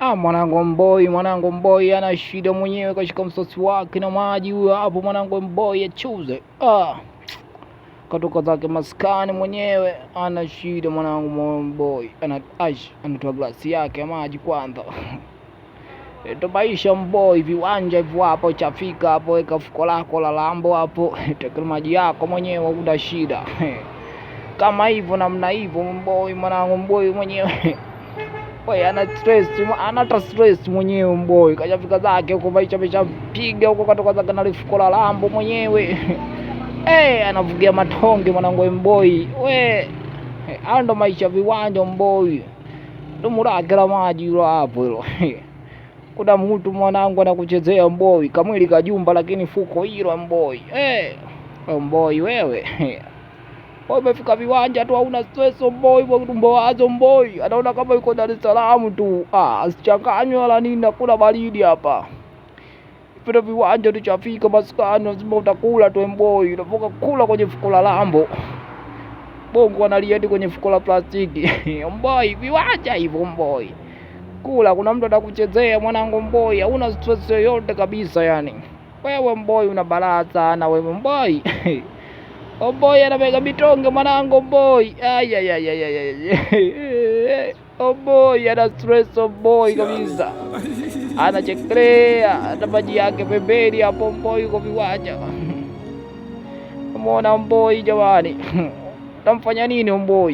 Ah, mwanangu mboi, mwanangu mboi ana shida mwenyewe, kashika msosi wake na maji huyo hapo. Mwanangu mboi achuze, ah, katoka zake maskani mwenyewe, ana shida mwanangu mboi, ana ash, anatoa glasi yake ya maji kwanza eto tobaisha mboi, viwanja hivyo hapo, chafika hapo, weka fuko lako la lambo hapo, tekele maji yako mwenyewe, una shida kama hivyo namna hivyo, mboi mwanangu mboi mwenyewe boy ana stress, ana stress mwenyewe mboy, kashafika zake huko, maisha ameshampiga huko, katoka zake na lifuko la lambo mwenyewe hey, eh, anavugia matonge mwanangu mboy, we hao ndo maisha viwanja mboy, dumu lake la maji hilo hapo hilo kuna mtu mwanangu anakuchezea mboi, kamwili kajumba, lakini fuko hilo mboi. Hey, eh, oh mboi wewe Umefika viwanja tu hauna stress boy, tumbo wazo boy. Anaona kama yuko Dar es Salaam tu. Ah, asichanganywe wala nini, nakula baridi hapa. Pita viwanja tu chafika maskani, lazima utakula tu mboi, Unavuka kula kwenye fuko la lambo. Bongo analia kwenye fuko la plastiki. mboi, viwanja hivyo mboi, Kula kuna mtu atakuchezea mwanangu mboi, hauna stress yoyote kabisa yani. Wewe mboi una balaa sana wewe mboi. Oboy oh, anamega mitonge mwanangu, Oboy oh, Oboy ana oh, stress, Oboy kabisa, anachekelea hata maji yake pembeni hapo. Oboy yuko viwanja, muona Oboy jamani, tamfanya nini Oboy?